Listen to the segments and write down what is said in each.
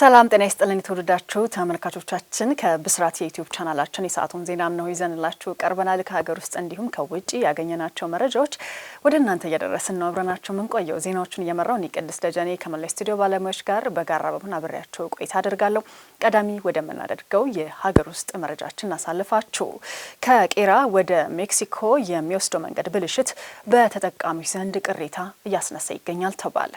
ሰላም ጤና ይስጥልን የተወደዳችሁ ተመልካቾቻችን፣ ከብስራት የዩቲዩብ ቻናላችን የሰዓቱን ዜና ነው ይዘንላችሁ ቀርበናል። ከሀገር ውስጥ እንዲሁም ከውጭ ያገኘናቸው መረጃዎች ወደ እናንተ እያደረስን ነው አብረናቸው ምንቆየው። ዜናዎቹን እየመራው እኔ ቅድስት ደጀኔ ከመላ ስቱዲዮ ባለሙያዎች ጋር በጋራ በመሆን አብሬያቸው ቆይታ አደርጋለሁ። ቀዳሚ ወደምናደርገው የሀገር ውስጥ መረጃችን አሳልፋችሁ ከቄራ ወደ ሜክሲኮ የሚወስደው መንገድ ብልሽት በተጠቃሚ ዘንድ ቅሬታ እያስነሳ ይገኛል ተባለ።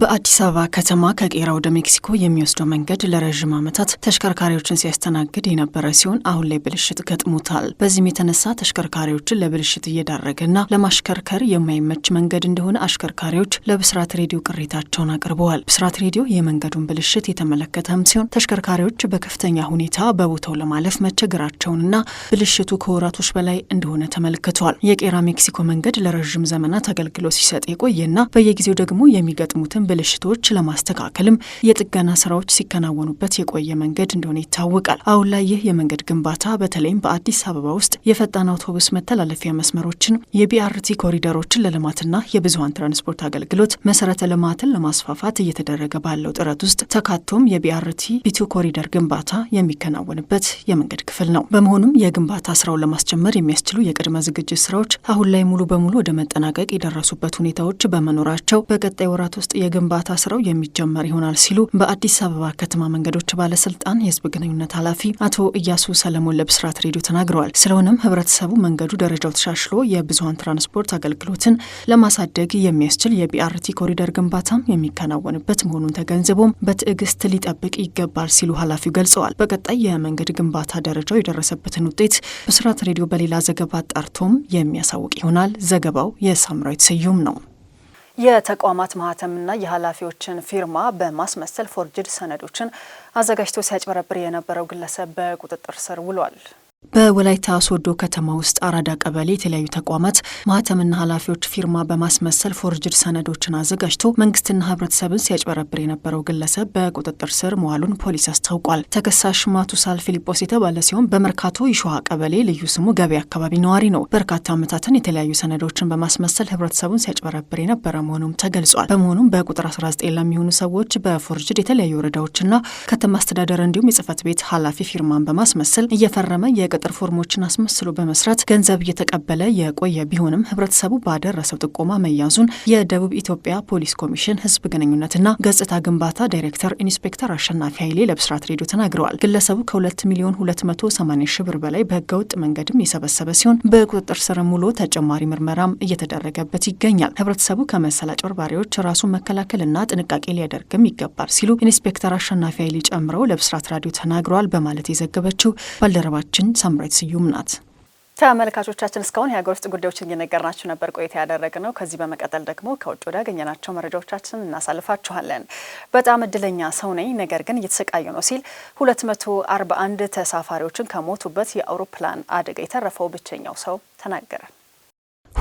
በአዲስ አበባ ከተማ ከቄራ ወደ ሜክሲኮ የሚወስደው መንገድ ለረዥም ዓመታት ተሽከርካሪዎችን ሲያስተናግድ የነበረ ሲሆን አሁን ላይ ብልሽት ገጥሞታል። በዚህም የተነሳ ተሽከርካሪዎችን ለብልሽት እየዳረገና ለማሽከርከር የማይመች መንገድ እንደሆነ አሽከርካሪዎች ለብስራት ሬዲዮ ቅሬታቸውን አቅርበዋል። ብስራት ሬዲዮ የመንገዱን ብልሽት የተመለከተም ሲሆን ተሽከርካሪዎች በከፍተኛ ሁኔታ በቦታው ለማለፍ መቸገራቸውንና ብልሽቱ ከወራቶች በላይ እንደሆነ ተመልክቷል። የቄራ ሜክሲኮ መንገድ ለረዥም ዘመናት አገልግሎት ሲሰጥ የቆየና በየጊዜው ደግሞ የሚገጥሙትን ያሉትን ብልሽቶች ለማስተካከልም የጥገና ስራዎች ሲከናወኑበት የቆየ መንገድ እንደሆነ ይታወቃል። አሁን ላይ ይህ የመንገድ ግንባታ በተለይም በአዲስ አበባ ውስጥ የፈጣን አውቶቡስ መተላለፊያ መስመሮችን፣ የቢአርቲ ኮሪደሮችን ለልማትና የብዙሀን ትራንስፖርት አገልግሎት መሰረተ ልማትን ለማስፋፋት እየተደረገ ባለው ጥረት ውስጥ ተካቶም የቢአርቲ ቢቱ ኮሪደር ግንባታ የሚከናወንበት የመንገድ ክፍል ነው። በመሆኑም የግንባታ ስራውን ለማስጀመር የሚያስችሉ የቅድመ ዝግጅት ስራዎች አሁን ላይ ሙሉ በሙሉ ወደ መጠናቀቅ የደረሱበት ሁኔታዎች በመኖራቸው በቀጣይ ወራት ውስጥ በግንባታ ስራው የሚጀመር ይሆናል ሲሉ በአዲስ አበባ ከተማ መንገዶች ባለስልጣን የህዝብ ግንኙነት ኃላፊ አቶ እያሱ ሰለሞን ለብስራት ሬዲዮ ተናግረዋል። ስለሆነም ህብረተሰቡ መንገዱ ደረጃው ተሻሽሎ የብዙሀን ትራንስፖርት አገልግሎትን ለማሳደግ የሚያስችል የቢአርቲ ኮሪደር ግንባታም የሚከናወንበት መሆኑን ተገንዝቦም በትዕግስት ሊጠብቅ ይገባል ሲሉ ኃላፊው ገልጸዋል። በቀጣይ የመንገድ ግንባታ ደረጃው የደረሰበትን ውጤት ብስራት ሬዲዮ በሌላ ዘገባ ጣርቶም የሚያሳውቅ ይሆናል። ዘገባው የሳምራዊት ስዩም ነው። የተቋማት ማህተምና የኃላፊዎችን ፊርማ በማስመሰል ፎርጅድ ሰነዶችን አዘጋጅቶ ሲያጭበረብር የነበረው ግለሰብ በቁጥጥር ስር ውሏል። በወላይታ ሶዶ ከተማ ውስጥ አራዳ ቀበሌ የተለያዩ ተቋማት ማህተምና ኃላፊዎች ፊርማ በማስመሰል ፎርጅድ ሰነዶችን አዘጋጅቶ መንግስትና ህብረተሰብን ሲያጭበረብር የነበረው ግለሰብ በቁጥጥር ስር መዋሉን ፖሊስ አስታውቋል። ተከሳሽ ማቱሳል ፊሊጶስ የተባለ ሲሆን በመርካቶ ይሸዋ ቀበሌ ልዩ ስሙ ገበያ አካባቢ ነዋሪ ነው። በርካታ ዓመታትን የተለያዩ ሰነዶችን በማስመሰል ህብረተሰቡን ሲያጭበረብር የነበረ መሆኑም ተገልጿል። በመሆኑም በቁጥር 19 ለሚሆኑ ሰዎች በፎርጅድ የተለያዩ ወረዳዎችና ከተማ አስተዳደር እንዲሁም የጽህፈት ቤት ኃላፊ ፊርማን በማስመሰል እየፈረመ የቅጥ የአፈጣጠር ፎርሞችን አስመስሎ በመስራት ገንዘብ እየተቀበለ የቆየ ቢሆንም ህብረተሰቡ ባደረሰው ጥቆማ መያዙን የደቡብ ኢትዮጵያ ፖሊስ ኮሚሽን ህዝብ ግንኙነትና ገጽታ ግንባታ ዳይሬክተር ኢንስፔክተር አሸናፊ ኃይሌ ለብስራት ሬዲዮ ተናግረዋል። ግለሰቡ ከ2 ሚሊዮን 280 ብር በላይ በህገወጥ መንገድም የሰበሰበ ሲሆን በቁጥጥር ስር ሙሎ ተጨማሪ ምርመራም እየተደረገበት ይገኛል። ህብረተሰቡ ከመሰል አጭበርባሪዎች ራሱን መከላከልና ጥንቃቄ ሊያደርግም ይገባል ሲሉ ኢንስፔክተር አሸናፊ ኃይሌ ጨምረው ለብስራት ራዲዮ ተናግረዋል በማለት የዘገበችው ባልደረባችን ሳምሬት ስዩም ናት። ተመልካቾቻችን እስካሁን የሀገር ውስጥ ጉዳዮችን እየነገርናችሁ ነበር ቆይታ ነው ከዚህ በመቀጠል ደግሞ ከውጭ ወደ ያገኘናቸው መረጃዎቻችን እናሳልፋችኋለን። በጣም እድለኛ ሰው ነኝ፣ ነገር ግን እየተሰቃዩ ነው ሲል 241 ተሳፋሪዎችን ከሞቱበት የአውሮፕላን አደጋ የተረፈው ብቸኛው ሰው ተናገረ።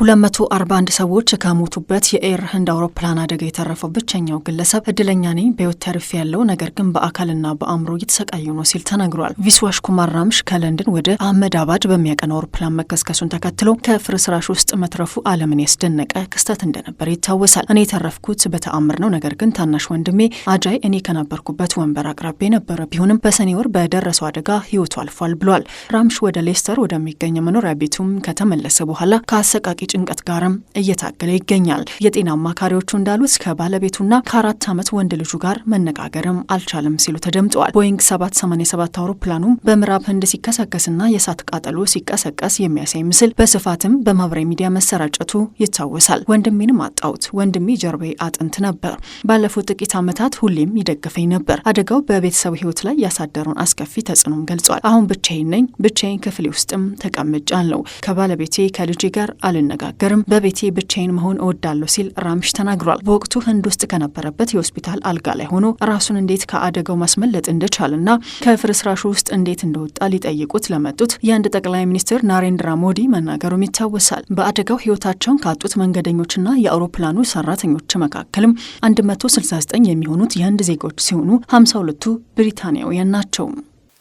241 ሰዎች ከሞቱበት የኤር ህንድ አውሮፕላን አደጋ የተረፈው ብቸኛው ግለሰብ እድለኛ ነኝ በሕይወት ተርፌ ያለው ነገር ግን በአካልና በአእምሮ እየተሰቃዩ ነው ሲል ተናግሯል። ቪስዋሽ ኩማር ራምሽ ከለንደን ወደ አህመድ አባድ በሚያቀን አውሮፕላን መከስከሱን ተከትሎ ከፍርስራሽ ውስጥ መትረፉ ዓለምን ያስደነቀ ክስተት እንደነበር ይታወሳል። እኔ የተረፍኩት በተአምር ነው። ነገር ግን ታናሽ ወንድሜ አጃይ እኔ ከነበርኩበት ወንበር አቅራቢ ነበረ። ቢሆንም በሰኔ ወር በደረሰው አደጋ ህይወቱ አልፏል ብሏል። ራምሽ ወደ ሌስተር ወደሚገኝ መኖሪያ ቤቱም ከተመለሰ በኋላ ከአሰቃቂ ጭንቀት ጋርም እየታገለ ይገኛል። የጤና አማካሪዎቹ እንዳሉት ከባለቤቱና ከአራት ዓመት ወንድ ልጁ ጋር መነጋገርም አልቻለም ሲሉ ተደምጠዋል። ቦይንግ 787 አውሮፕላኑም በምዕራብ ህንድ ሲከሰከስና የእሳት ቃጠሎ ሲቀሰቀስ የሚያሳይ ምስል በስፋትም በማህበራዊ ሚዲያ መሰራጨቱ ይታወሳል። ወንድሜንም አጣሁት። ወንድሜ ጀርባዬ አጥንት ነበር። ባለፉት ጥቂት ዓመታት ሁሌም ይደግፈኝ ነበር። አደጋው በቤተሰብ ህይወት ላይ ያሳደረውን አስከፊ ተጽዕኖም ገልጿል። አሁን ብቻዬን ነኝ። ብቻዬን ክፍሌ ውስጥም ተቀምጫለሁ። ከባለቤቴ ከልጄ ጋር አልነ ባንነጋገርም በቤቴ ብቻዬን መሆን እወዳለሁ ሲል ራምሽ ተናግሯል። በወቅቱ ህንድ ውስጥ ከነበረበት የሆስፒታል አልጋ ላይ ሆኖ ራሱን እንዴት ከአደጋው ማስመለጥ እንደቻለና ከፍርስራሹ ውስጥ እንዴት እንደወጣ ሊጠይቁት ለመጡት የህንድ ጠቅላይ ሚኒስትር ናሬንድራ ሞዲ መናገሩም ይታወሳል። በአደጋው ህይወታቸውን ካጡት መንገደኞችና የአውሮፕላኑ ሰራተኞች መካከልም 169 የሚሆኑት የህንድ ዜጎች ሲሆኑ 52ቱ ብሪታንያውያን ናቸው።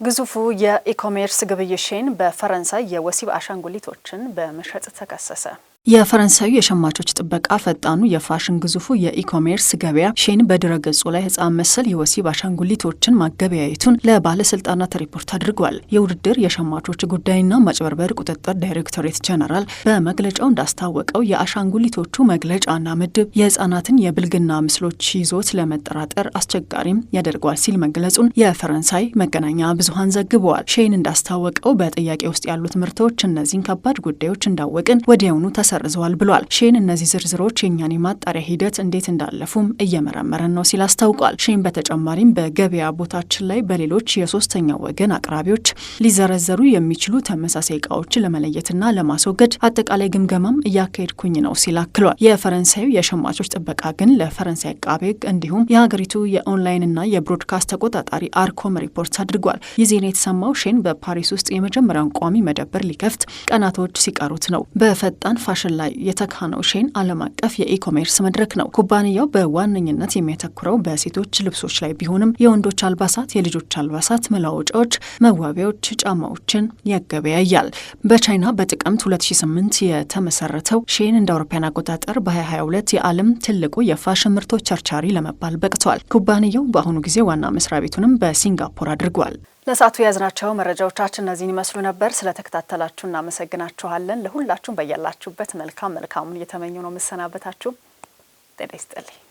ግዙፉ የኢኮሜርስ ግብይት ሼን በፈረንሳይ የወሲብ አሻንጉሊቶችን በመሸጥ ተከሰሰ። የፈረንሳዩ የሸማቾች ጥበቃ ፈጣኑ የፋሽን ግዙፉ የኢኮሜርስ ገበያ ሼን በድረገጹ ላይ ህፃን መሰል የወሲብ አሻንጉሊቶችን ማገበያየቱን ለባለስልጣናት ሪፖርት አድርጓል። የውድድር የሸማቾች ጉዳይና ማጭበርበር ቁጥጥር ዳይሬክቶሬት ጀነራል በመግለጫው እንዳስታወቀው የአሻንጉሊቶቹ መግለጫና ምድብ የህፃናትን የብልግና ምስሎች ይዞት ለመጠራጠር አስቸጋሪም ያደርገዋል ሲል መግለጹን የፈረንሳይ መገናኛ ብዙሀን ዘግበዋል። ሼን እንዳስታወቀው በጥያቄ ውስጥ ያሉት ምርቶች እነዚህን ከባድ ጉዳዮች እንዳወቅን ወዲያውኑ ተሰ ተሰርዘዋል ብሏል። ሼን እነዚህ ዝርዝሮች የእኛን የማጣሪያ ሂደት እንዴት እንዳለፉም እየመረመረን ነው ሲል አስታውቋል። ሼን በተጨማሪም በገበያ ቦታችን ላይ በሌሎች የሶስተኛ ወገን አቅራቢዎች ሊዘረዘሩ የሚችሉ ተመሳሳይ እቃዎችን ለመለየትና ለማስወገድ አጠቃላይ ግምገማም እያካሄድኩኝ ነው ሲል አክሏል። የፈረንሳዩ የሸማቾች ጥበቃ ግን ለፈረንሳይ አቃቤ ሕግ እንዲሁም የሀገሪቱ የኦንላይንና የብሮድካስት ተቆጣጣሪ አርኮም ሪፖርት አድርጓል። ይህ ዜና የተሰማው ሼን በፓሪስ ውስጥ የመጀመሪያውን ቋሚ መደብር ሊከፍት ቀናቶች ሲቀሩት ነው። በፈጣን ፋሽን በፋሽን ላይ የተካነው ሼን ዓለም አቀፍ የኢኮሜርስ መድረክ ነው። ኩባንያው በዋነኝነት የሚያተኩረው በሴቶች ልብሶች ላይ ቢሆንም የወንዶች አልባሳት፣ የልጆች አልባሳት፣ መለዋወጫዎች፣ መዋቢያዎች፣ ጫማዎችን ያገበያያል። በቻይና በጥቅምት 2008 የተመሰረተው ሼን እንደ አውሮፓውያን አቆጣጠር በ2022 የዓለም ትልቁ የፋሽን ምርቶች ቸርቻሪ ለመባል በቅቷል። ኩባንያው በአሁኑ ጊዜ ዋና መስሪያ ቤቱንም በሲንጋፖር አድርጓል። ለሰዓቱ የያዝናቸው መረጃዎቻችን እነዚህን ይመስሉ ነበር። ስለተከታተላችሁ እናመሰግናችኋለን። ለሁላችሁም በያላችሁበት መልካም መልካሙን እየተመኘ ነው የምሰናበታችሁ። ጤና ይስጥልኝ።